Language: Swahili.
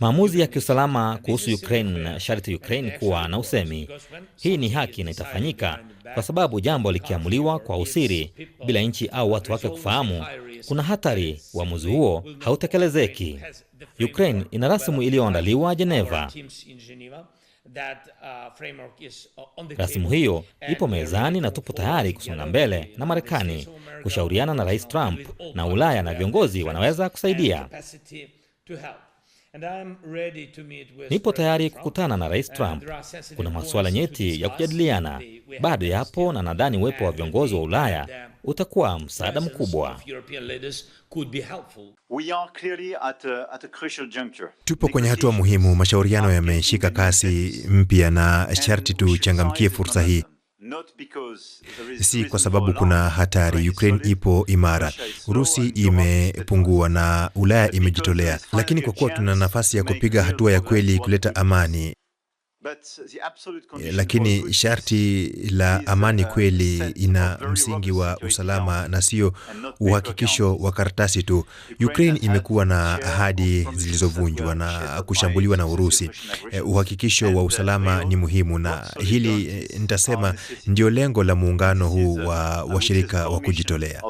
Maamuzi ya kiusalama kuhusu Ukraine sharti Ukraine kuwa na usemi. Hii ni haki na itafanyika, kwa sababu jambo likiamuliwa kwa usiri bila nchi au watu wake kufahamu, kuna hatari uamuzi huo hautekelezeki. Ukraine ina rasimu iliyoandaliwa Geneva. Uh, uh, rasimu hiyo ipo mezani na tupo tayari kusonga mbele na Marekani kushauriana na Rais Trump na Ulaya na viongozi wanaweza kusaidia. Nipo tayari kukutana na Rais Trump. Kuna masuala nyeti ya kujadiliana, bado yapo na nadhani uwepo wa viongozi wa Ulaya utakuwa msaada mkubwa. Tupo kwenye hatua muhimu, mashauriano yameshika kasi mpya na sharti tuchangamkie fursa hii si kwa sababu kuna hatari. Ukraine ipo imara, Urusi imepungua na Ulaya imejitolea, lakini kwa kuwa tuna nafasi ya kupiga hatua ya kweli kuleta amani Eh, lakini sharti la amani uh, kweli ina msingi wa usalama na sio uhakikisho wa karatasi tu. Ukraine imekuwa na ahadi zilizovunjwa na kushambuliwa na Urusi. Eh, uhakikisho wa uh, usalama ni muhimu, na hili eh, nitasema uh, ndio lengo la muungano huu wa washirika wa kujitolea.